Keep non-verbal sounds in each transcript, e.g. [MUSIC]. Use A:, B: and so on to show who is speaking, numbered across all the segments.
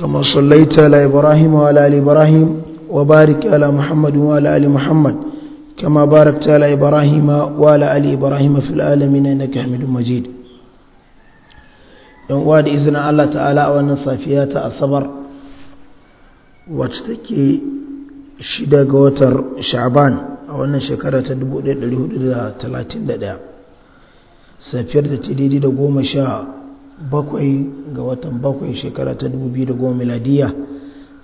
A: كما صليت على إبراهيم وعلى آل إبراهيم وبارك على محمد وعلى آل محمد كما باركت على إبراهيم وعلى آل إبراهيم في العالمين إنك حميد مجيد yan uwa da izinin Allah ta'ala a wannan safiya ta asabar wacce take shida ga watar sha'ban a wannan shekara ta 1431 safiyar da ta daidai da goma sha bakwai ga watan bakwai shekara ta 2010 miladiya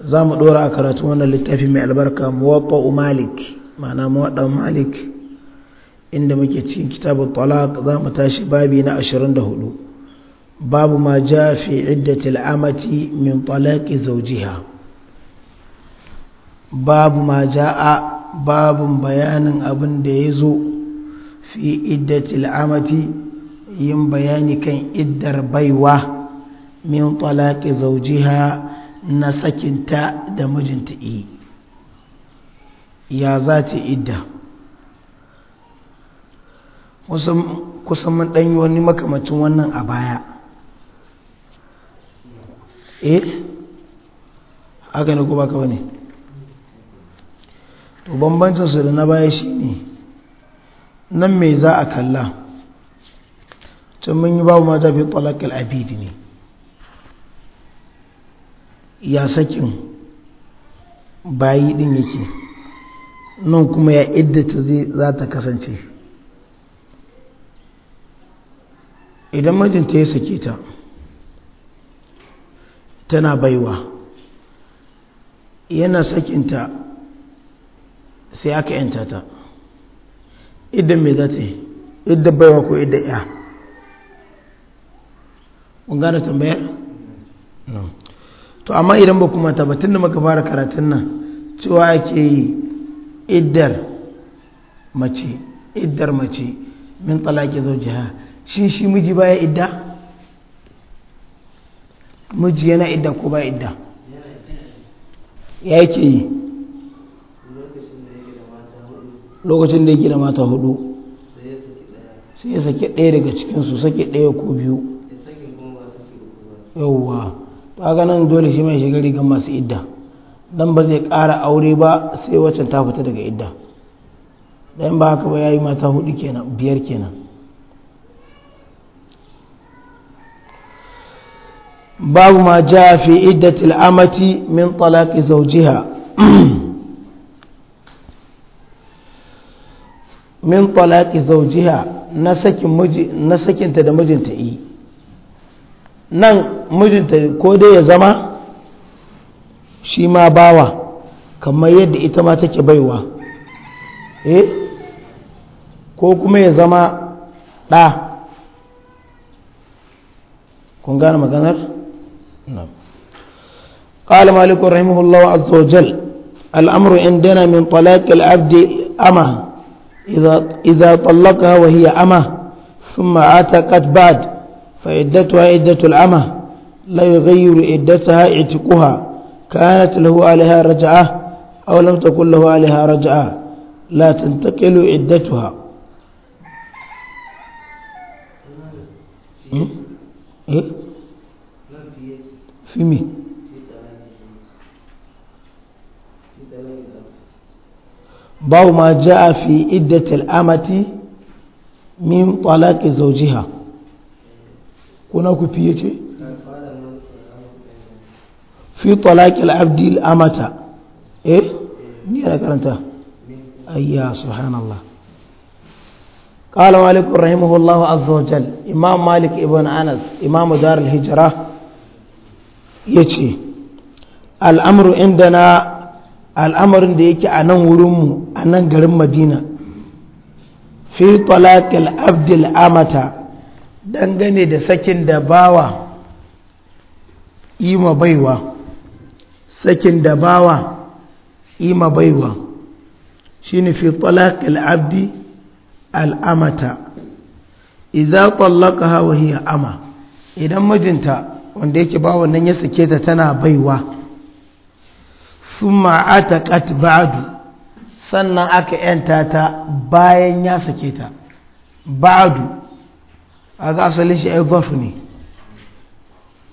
A: za mu dora a karatu wannan littafi mai albarka muwatta malik ma'ana muwatta malik inda muke cikin kitabu talak za mu tashi babi na hudu babu ma ja fi iddatil amati min talaki zaujiha babu ma ja a babun bayanin abin da ya zo fi iddatil amati yin bayani kan iddar baiwa min talaqi zaujiha na sakinta da mijinta yi ya za idda kusan mun ɗanyi wani makamacin wannan a baya eh haka ne ko ba ka wani to bambancinsu da na baya shi ne nan me za a kalla can mun yi babu ma ta fi talakal abidi ne ya sakin bayi din yake nan kuma ya iddata zai za ta kasance idan mijinta ya sake ta tana baiwa yana sakinta sai aka yanta ta idan mai zata ta yi idan baiwa ko idan ya mun gane tambayar to amma idan ba kuma tabbatin da muka fara karatun nan cewa ake yi iddar mace iddar mace min talaki jiha shi shi miji baya idda miji yana idda ko ba idda ya yake yi lokacin da yake da mata hudu sai ya saki ɗaya daga cikinsu saki ɗaya ko biyu yauwa kaga nan dole shi mai shiga rigar masu idda don ba zai ƙara aure ba sai waccan ta fita daga idda don ba haka ba yi mata hudu kenan biyar kenan babu ma ja fi idda til'amati min talaqi zaujiha [CLEARS THROAT] min na na sakinta da mijinta yi nan mijinta ko dai ya zama shi ma bawa kamar yadda ita ma take baiwa eh ko kuma ya zama da kun gane maganar? قال مالك رحمه الله عز وجل الأمر عندنا من طلاق العبد أمه إذا, إذا طلقها وهي أمه ثم عتقت بعد فعدتها عدة العمى لا يغير عدتها اعتقها كانت له عليها رجعة أو لم تكن له عليها رجعة لا تنتقل عدتها إيه؟ إيه؟ في مين باو ما جاء في عدة الأمة من طلاق زوجها kuna ku fiye fi talaqil abdi amata eh ni ana karanta ayya subhanallah qala alaikum rahimahullahu azza wa jal imam malik ibn anas imam dar al hijra yace al amru indana da yake a nan wurin mu a nan garin madina fi talaqil abdi amata dangane da sakin da bawa ima baiwa sakin da bawa ima baiwa ne fi talaq abdi al'amata? Idan idza ama idan mijinta wanda yake bawa nan ya sake ta tana baiwa Sun ma'ata ataqat ba'adu. sannan aka yanta ta bayan ya sake ta Ba'adu. a ga asalin shi ai zarf ne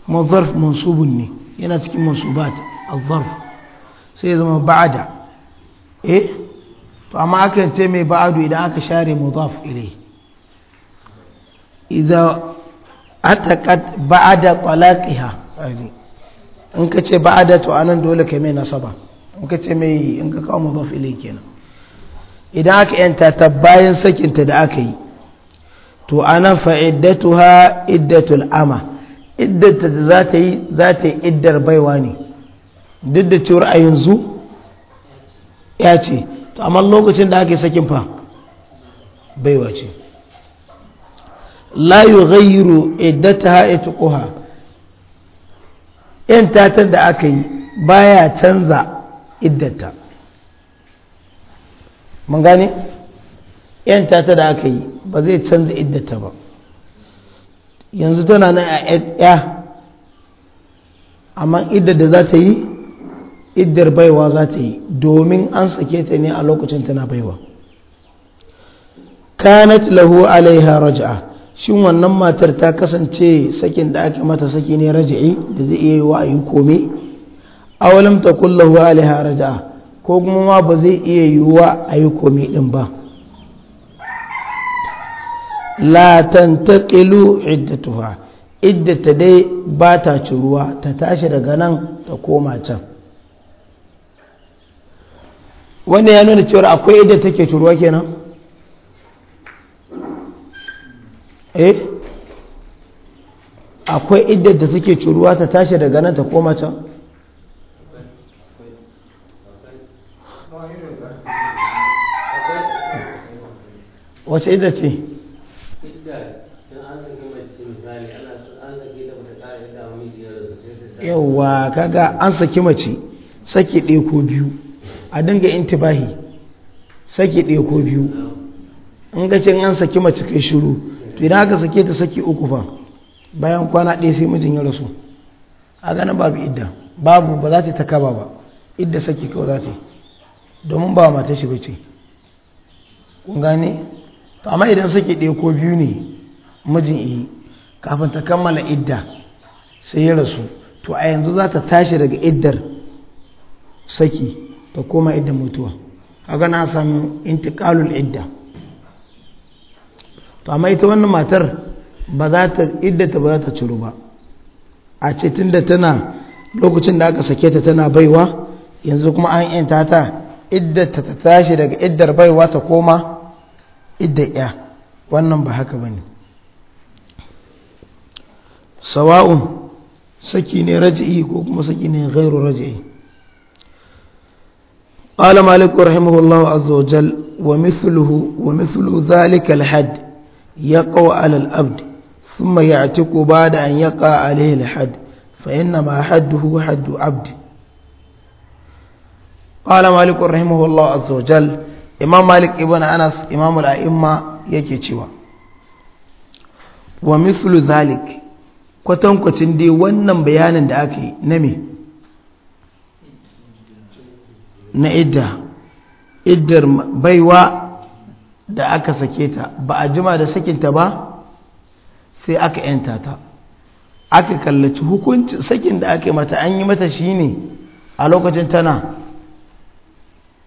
A: kuma zarf mansubun ne yana cikin mansubat al-zarf sai ya zama ba'ada eh to amma akan ce mai ba'adu idan aka share mudaf ilai idza ataqat ba'ada talaqiha in ka ce ba'ada to anan dole kai mai nasaba in ka ce mai in ka kawo mudaf ilai kenan idan aka yanta ta bayan sakinta da aka yi to anan ha iddatul ama iddata za ta yi za ta yi iddar baiwa ne duk da cewar a yanzu ya ce to amma lokacin da ake sakin fa baiwa ce la yughayyiru iddataha itquha yan tatan da aka yi baya canza iddata mun gane yan tata da aka yi ba zai canza iddata ba yanzu tana nan a ya amma iddar da za ta yi iddar baiwa za ta yi domin an sake ta ne a lokacin tana baiwa kanat lahu alaiha raja'a shin wannan matar ta kasance sakin da aka mata saki ne raja'i da zai iya yi wa ayi kome awalam ta kullahu alaiha raja'a ko kuma ma ba zai iya yi wa ayi kome din ba la tantaqilu iddatuha iddata dai ba ta ciruwa ta tashi daga nan ta koma can wanda ya nuna cewa akwai idda take ciruwa kenan eh akwai idda da take ciruwa ta tashi daga nan ta koma can wace idda ce yawa kaga an saki mace saki ɗaya ko biyu a dinga intibahi saki ɗaya ko biyu in ga cin an saki mace kai shiru to idan aka sake ta saki uku fa bayan kwana ɗaya sai mijin ya rasu a ganin babu idda babu ba za ta ta kaba ba idda saki kawai za ta domin ba mata shi bace kun gane to amma idan saki ɗaya ko biyu ne mijin iyi kafin ta kammala idda sai ya rasu to a yanzu za ta tashi daga iddar saki ta koma iddar mutuwa kaga na samu intikalul idda to amma ita wannan matar ba za ta iddata ba za ta ciro ba a ce da tana lokacin da aka sake ta tana baiwa yanzu kuma an yanta ta iddata ta tashi daga iddar baiwa ta koma idda ya wannan ba haka ba ne. sawa'un saki ne raji'i ko kuma saki ne gairu raji'i قال مالك رحمه الله عز وجل ومثله ومثل ذلك الحد يقع على الأبد ثم يعتق بعد أن يقع عليه الحد فإنما حده حد عبد قال مالك رحمه الله عز وجل إمام مالك ابن أنس إمام الأئمة يكي cewa ومثل ذلك kwatankwacin dai wannan bayanin da aka yi na me na idda iddar baiwa da aka sake ta ba a jima da sakinta ba sai aka yanta ta aka kallaci hukunci sakin da aka yi mata an yi mata shi ne a lokacin tana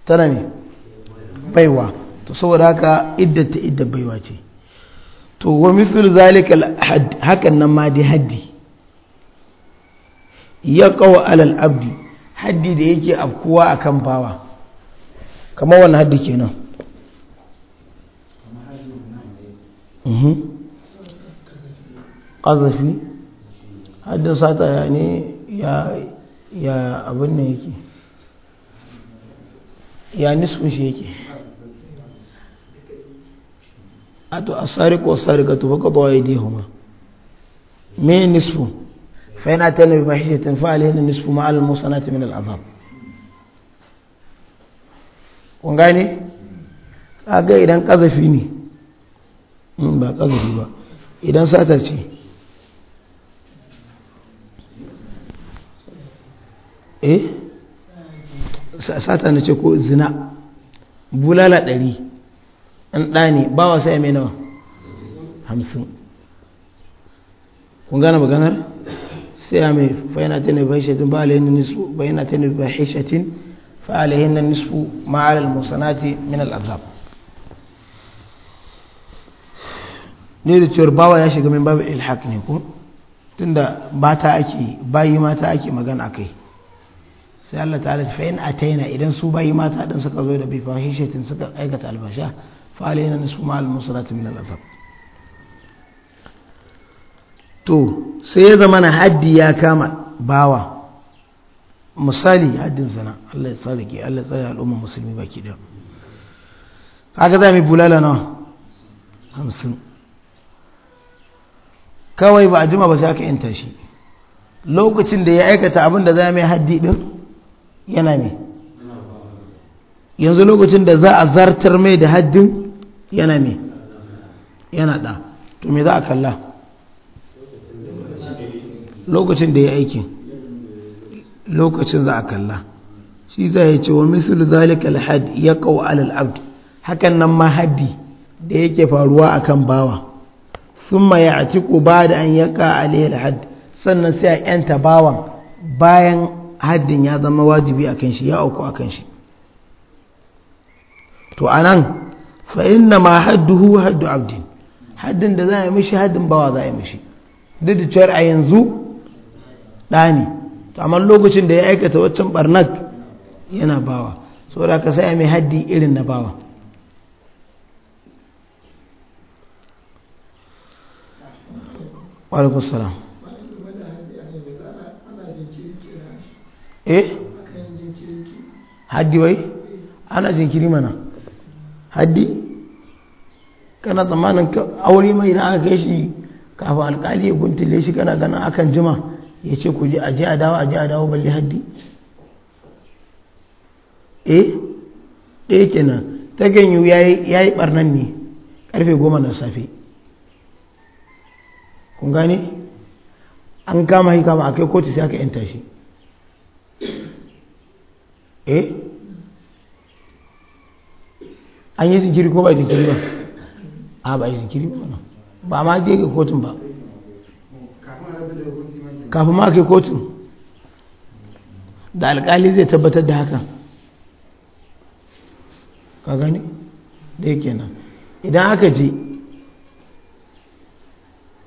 A: tana ne baiwa to saboda haka iddata iddar baiwa ce to wa mithlu zalika hakan nan ma dai haddi ya kawo alal abdi haddi da yake afkuwa akan bawa kamar wani haddi kenan mhm. qazafi haddin sata ya ya abin da yake ya nisfin shi yake ato asariku wasarikatu faqadu aydihuma me nisfu fa in atana bi tun fa alayna nisfu ma al musa na al azab kun gane kaga idan kazafi ne in ba kazafi ba idan sata ce eh sata na ce ko zina bulala ɗari an ɗani ba bawa sai mai nawa hamsin kun gane maganar sai ya mai bayana ta nufi haishatin ba alayin nisfu bayyana ta nufi haishatin fa alayin na nisfu ma'alar musanati min al'azab ne da cewar bawa ya shiga min babu ilhaq ne tun tunda ba ta ake bayi mata ake magana a kai sai Allah ta halatta fa'in a taina idan su bayi mata ɗin suka zo da haishatin suka aikata albasha فعلينا نصف ما المسرات من الأثر to sai ya zama na haddi ya kama bawa misali haddin sana Allah ya tsare ke Allah ya tsare al'ummar musulmi baki ɗaya haka za mu bulala nawa hamsin kawai ba a jima ba sai aka yanta shi lokacin da ya aikata abin da za mu haddi ɗin yana ne yanzu lokacin da za a zartar mai da haddin yana me yana da to me za a kalla lokacin da ya aikin lokacin za a kalla shi za ce wa misal zalika alhad ya qaw alal hakan nan ma haddi da yake faruwa akan bawa summa ya'tiqu ba'da an yaka alayhi alhad sannan sai a yanta bawan bayan haddin ya zama wajibi akan shi ya auku akan shi to anan fa inna ma hadduhu haddu abdin haddin da za a yi mishi haddin bawa za a yi mishi duk da cewar a yanzu ɗani to amma lokacin da ya aikata waccan barnak yana bawa saboda ka sai mai haddi irin na bawa salam eh haddi wai ana jinkiri mana haddi kana tsammanin aure mai na aka kai shi kafin alkali ya guntule shi kana gana akan jima ya ce ku ji aje a dawo aje a balle haddi eh ɗaya kenan ta ganyu ya yi ɓarnan ne ƙarfe goma na safe kun gane an kama hika ba a kai kotu sai aka yanta shi eh an yi zikiri ko ba zikiri ba a ba zikiri ba na ba ma je ga kotun ba kafin ma ke kotun da alkali zai tabbatar da haka ka gani da yake nan idan aka ji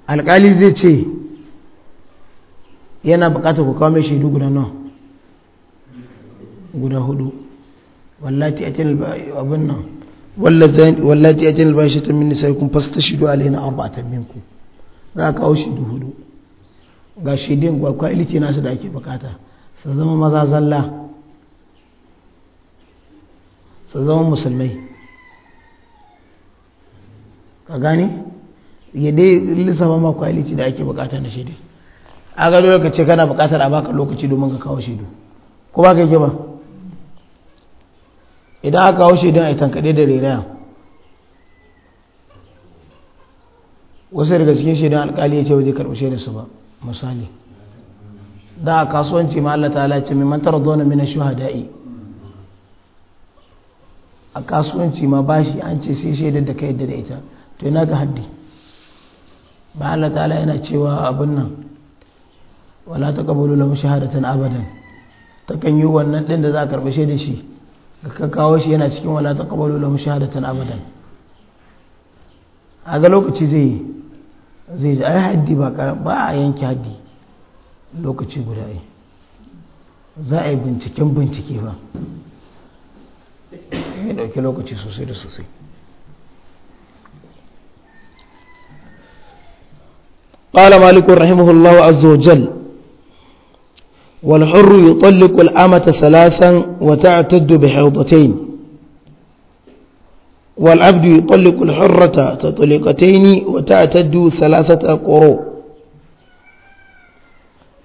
A: alkali zai ce yana bukatar ku kawo mai shaidu guda nawa guda hudu wallati a abin nan wallati ajal bashatan min nisaikum shidu alaina arba'atan minkum za ka kawo shidu hudu ga shidin ga ilice nasu da ake bukata su zama maza zalla su zama musulmai ka gane ya dai lissafa ma ilice da ake bukata na shidin a ga dole ka ce kana bukatar a baka lokaci domin ka kawo shidu ko ba ka yake ba idan aka haushe shaidan a yi tankaɗe da rairaya wasu daga cikin shaidan alƙali ya ce waje karɓi su ba misali da a kasuwanci ma Allah ta'ala ce mai tara zonar mina shuhada'i a kasuwanci ma bashi an ce sai shaidar da ka yadda da ita to yana ga haddi ba Allah ta'ala yana cewa abin nan wala ta kabalu lahu shahadatan abadan ta kan yi wannan ɗin da za a karɓi da shi ka kawo shi yana cikin wala ta kabalu lahum shahadatan abadan a ga lokaci zai zai ji ai haddi ba a yanke haddi lokaci guda ai za a yi binciken bincike ba ya dauki lokaci sosai da sosai قال مالك رحمه الله عز وجل والحر يطلق الأمة ثلاثا وتعتد بحوضتين والعبد يطلق الحرة تطلقتين وتعتد ثلاثة قروء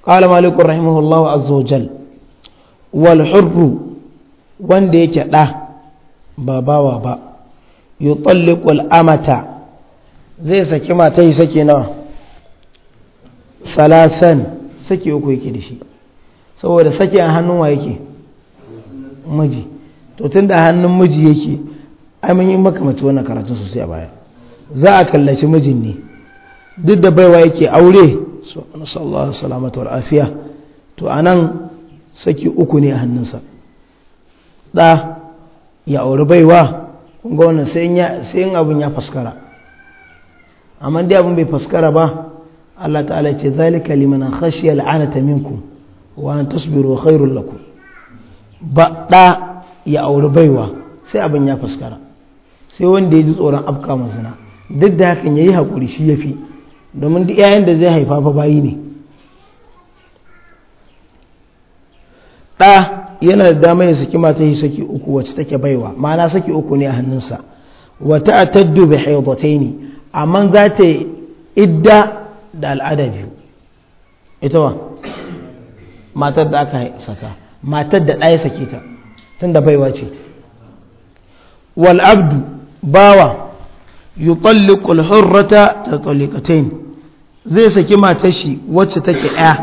A: قال مالك رحمه الله عز وجل والحر وانديك لا بابا وابا يطلق الأمة زي سكي ما saki mata yi sake nawa salasan sake saboda sakin a hannun wa yake miji to tun da hannun miji yake amin yi makamanci wannan karatun sosai a baya za a kallaci mijin ne duk da baiwa yake aure sallallahu salamatu wal afiya to anan saki uku ne a hannunsa da ya auri baiwa ga wannan sai yin abin ya faskara amma dai abun bai faskara ba Allah ta'ala ce zalika liman khashiya al'anata minkum wa an tasbiru khairul lakum ba da ya auri baiwa sai abin ya fuskara sai wanda ya ji tsoron afka mazina duk da hakan yayi hakuri shi ya fi domin duk yayin da zai haifa fa bayi ne ɗa yana da damar ya saki mata shi saki uku wacce take baiwa ma'ana saki uku ne a hannunsa taddu ta'taddu bi ne amma za ta idda da al'ada biyu ita ba matar da aka saka matar da ɗaya sake ta da baiwa ce wal abdu bawa yutalliqu al hurrata tatliqatayn zai saki matar shi wacce take ɗaya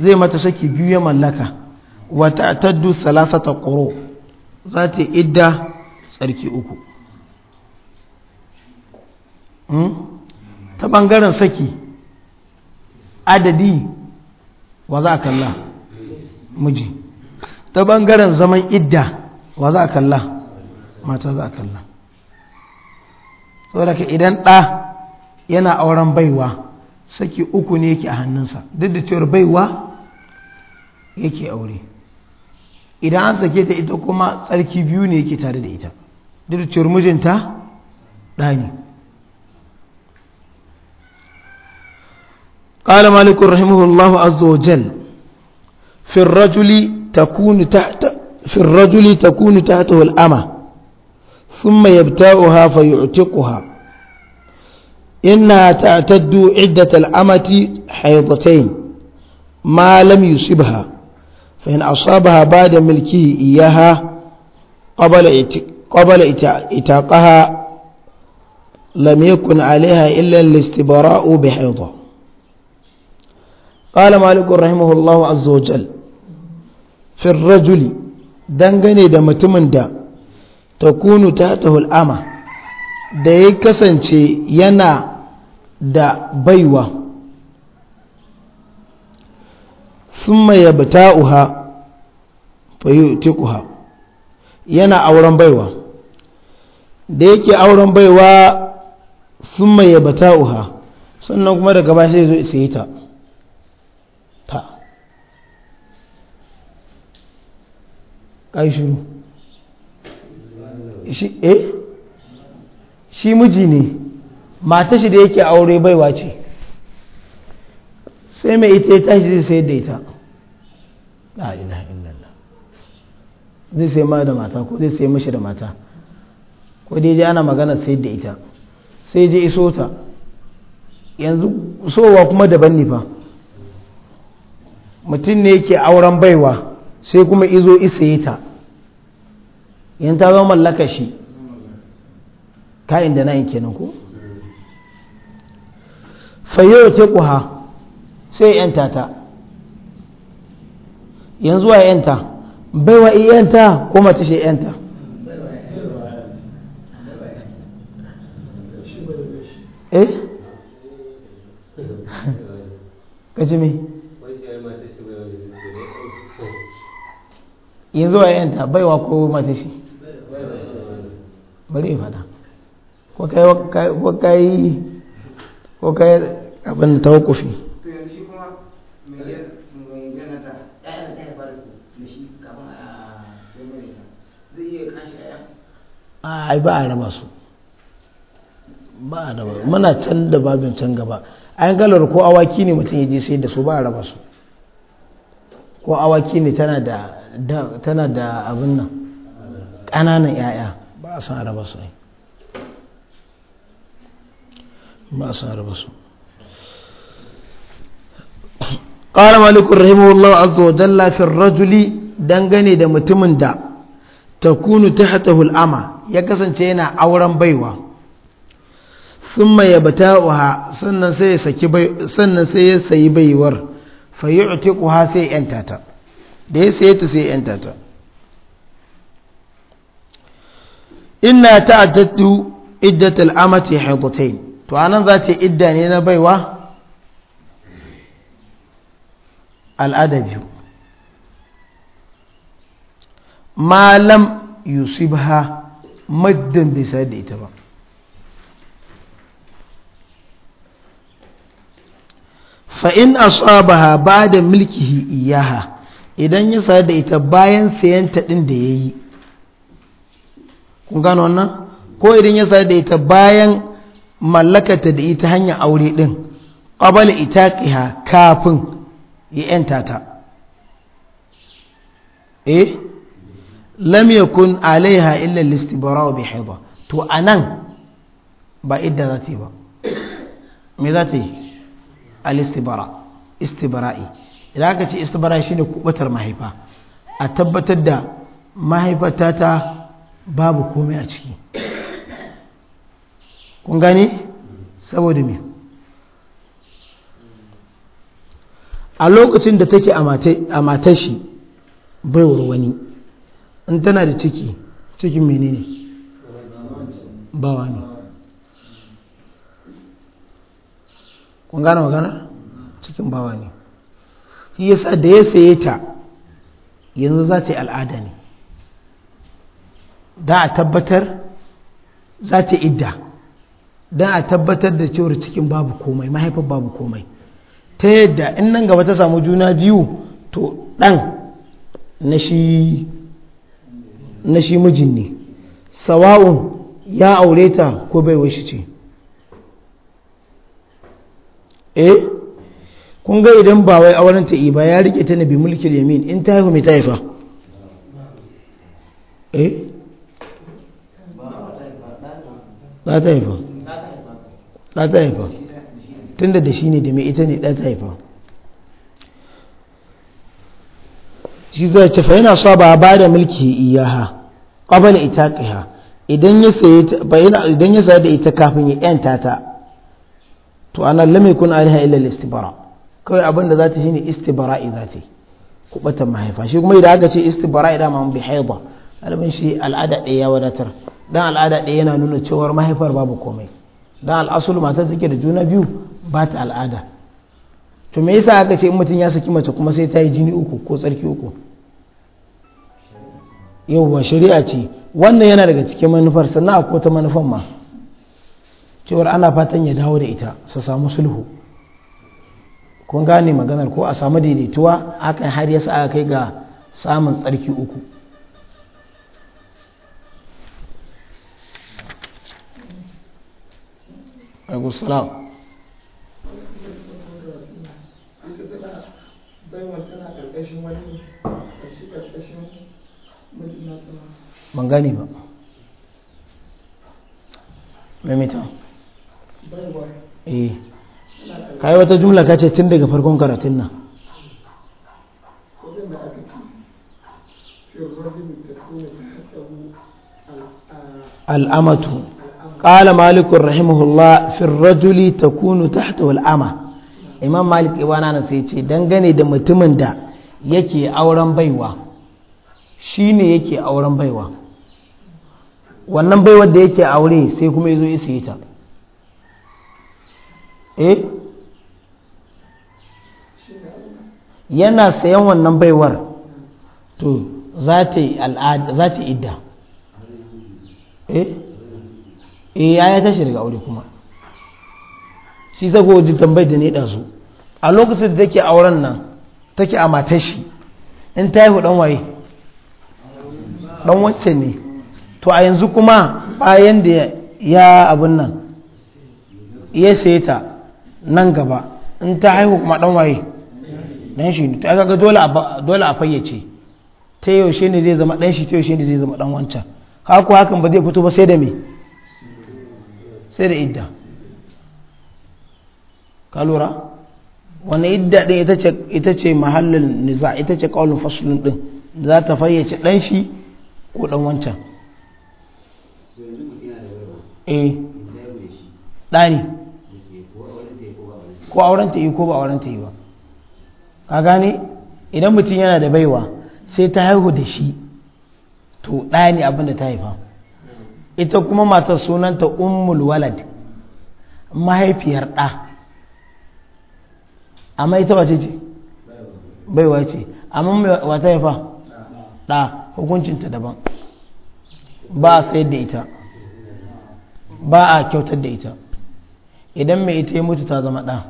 A: zai mata saki biyu ya mallaka Wata ta'taddu ta ƙoro za ta yi idda tsarki uku hmm? ta ɓangaren saki adadi wa za a kalla miji ta bangaren zaman idda wa za a kalla mata za a kalla saboda idan ɗa yana auren baiwa saki uku ne yake a hannunsa duk da cewar baiwa yake aure idan an sake ta ita kuma tsarki biyu ne yake tare da ita duk da cewar mijinta ɗa ne قال مالك رحمه الله عز وجل في الرجل تكون تحت في الرجل تكون تحته الأمة ثم يبتاؤها فيعتقها إنها تعتد عدة الأمة حيضتين ما لم يصبها فإن أصابها بعد ملكه إياها قبل قبل إتاقها لم يكن عليها إلا الاستبراء بحيضة قال مالك رحمه الله عز وجل fin rajuli dangane da mutumin da ta kunu ta hul'ama da ya kasance yana da baiwa sun maye bata uha fayyutikuha yana auren baiwa da yake auren baiwa sun maye bata uha sannan kuma daga ba sai zo isa yi ta ai shuru shi eh shi miji ne mata shi da yake aure baiwa ce sai mai ita ya tashi zai sayar da ita la ilaha illallah zai sai ma da mata ko zai sai mashi da mata ko dai ana magana sayar da ita sai je iso ta yanzu sowa kuma daban ne fa mutum ne yake auren baiwa sai kuma izo isa yi ta in ta zo mallaka shi kayan da na'in kenan ko fayyo ce kuwa sai yanta ta yanzu wa yanta baiwa yanta ko mace shi yanta eh kaji me yanzu wa yanta baiwa ko mace shi bari fada ko kai ko kai abin tawakkufi ai ba a raba su ba a raba muna can da babin can gaba ayin galar ko awaki ne mutum ya je sai da su ba a raba su ko awaki ne tana da abin nan ƙananan 'ya'ya ba a san araba su ba a san araba su ƙara malikun rahimahullah azza rajuli dangane da mutumin da ta kunu ta hata hul'ama ya kasance yana auren baiwa sun mai ta uha sannan sai ya sayi baiwar fayi ha sai 'yanta ta da ya sayi ta sai 'yanta ta inna ta'addatu iddat amati haidatayn to anan za idda ne na baiwa al'ada biyu malam yusibha maddan bai sayar da ita ba fa'in asabaha bada da milkihi iyaha idan ya sayar da ita bayan sayanta ɗin da ya yi kun gano wannan ko idan ya sa da ita bayan mallakata da ita hanyar aure din qabala itaqiha kafin ya yanta ta eh lam yakun alaiha illa listibara istibrau bi haidha to anan ba idda za ta yi ba me za ta yi al-istibara istibra'i idan aka ce istibara shine kubatar mahaifa a tabbatar da mahaifata ta babu komai a ciki kun gani saboda me a lokacin da take a matashi baiwar wani in tana da ciki cikin menene bawa ne kun gane magana cikin bawa ne shi yasa da ya saye ta yanzu za ta yi al'ada ne da a tabbatar za ta idda don a tabbatar da cewar cikin babu komai mahaifar babu komai ta yadda in nan gaba ta samu juna biyu to ɗan na shi mijin ne sawa'un ya aure ta ko bai wai ce eh kun ga idan ba wai auren ta iba ya rike ta na bi mulkin yamin in ta haifa mai ta haifa eh ɗa ta haifa ɗa ta haifa tun da shi ne da mai ita ne ɗa ta haifa shi zai ce fa yana so ba ba da mulki iya ha itaqiha ita ya idan ya saye da ita kafin ya yanta ta to ana lamai yakun alaiha illa istibara kawai abinda za ta ne istibara'i za ta kubata mahaifa shi kuma idan aka ce istibara'i da ma bi haida alamin shi al'ada ɗaya ya wadatar dan al'ada ɗaya yana nuna cewar mahaifar babu komai dan al'asulu mata take da juna biyu ba ta al'ada to me yasa aka ce in mutum ya saki mace kuma sai ta yi jini uku ko tsarki uku ba shari'a ce wannan yana daga cikin manufar sannan a ta manufan ma cewar ana fatan ya dawo da ita su samu sulhu kun gane maganar ko a samu daidaituwa akan har yasa aka kai ga samun tsarki uku alaikum salam ban gani ba memita eh kai wata jumla kace tun daga farkon karatun nan al'amatu قال مالك رحمه الله في الرجل تكون تحت الأمة إمام مالك إبانا نسيتي دنغني دا متمن دا يكي أوران بيوا شيني يكي أوران بيوا wannan baiwar da yake aure sai kuma ya zo ya sayi ta eh yana sayan wannan baiwar to za ta yi idda eh eh ya tashi daga aure kuma shi zago waje tambayar da ne ɗansu a lokacin da take auren nan take a matashi, shi in ta haihu ɗan waye ɗan wacce ne to a yanzu kuma bayan da ya abin nan ya sai ta nan gaba in ta haihu kuma ɗan waye ɗan shi ne to aka ga dole a fayyace ta yaushe ne zai zama ɗan shi ta yaushe ne zai zama ɗan wancan haka hakan ba zai fito ba sai da me sai da idda ka lura wani idda ɗin ita ce mahallin niza ita ce ƙaunin fasulun ɗin za ta fayyace ɗan shi ko ɗan wancan eh ɗani ko auren ta yi ko ba auren ta yi ba ka gane idan mutum yana da baiwa sai ta haihu da shi to ɗani abinda ta haifa ita kuma matar sunanta ummul walad mahaifiyar ɗa amma ita wace ce bai ce amma wata ya fa ɗa hukuncinta daban ba a sayar da ita ba a kyautar da ita idan mai ita ya mutu ta zama ɗa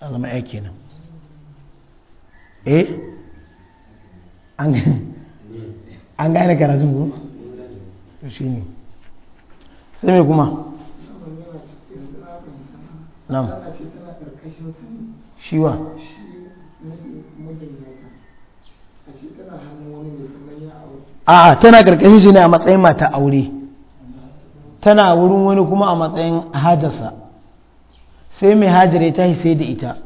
A: a zama ya kenan eh an gane karatun ku? shi ne sai mai kuma nam shiwa a a'a tana karkashin shi ne a matsayin mata aure tana wurin wani kuma a matsayin hajarsa sai mai hajjar ya tashi sai da ita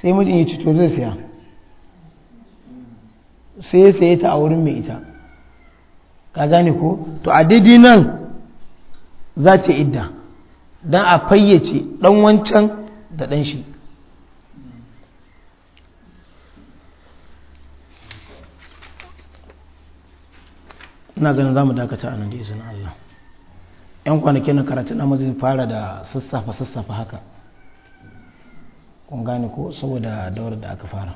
A: sai mutum ya ci to zai siya sai ya saye ta a wurin mai ita ka gane ko to a daidai nan za ta idda don a fayyace dan wancan da dan shi ina ganin za mu dakata a nan da izinin Allah yan kwanakin na karatu na mazin fara da sassafa sassafa haka kun gane ko saboda daura da aka fara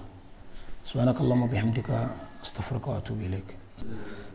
A: su kallon bihamdika astaghfiruka wa atubu bilik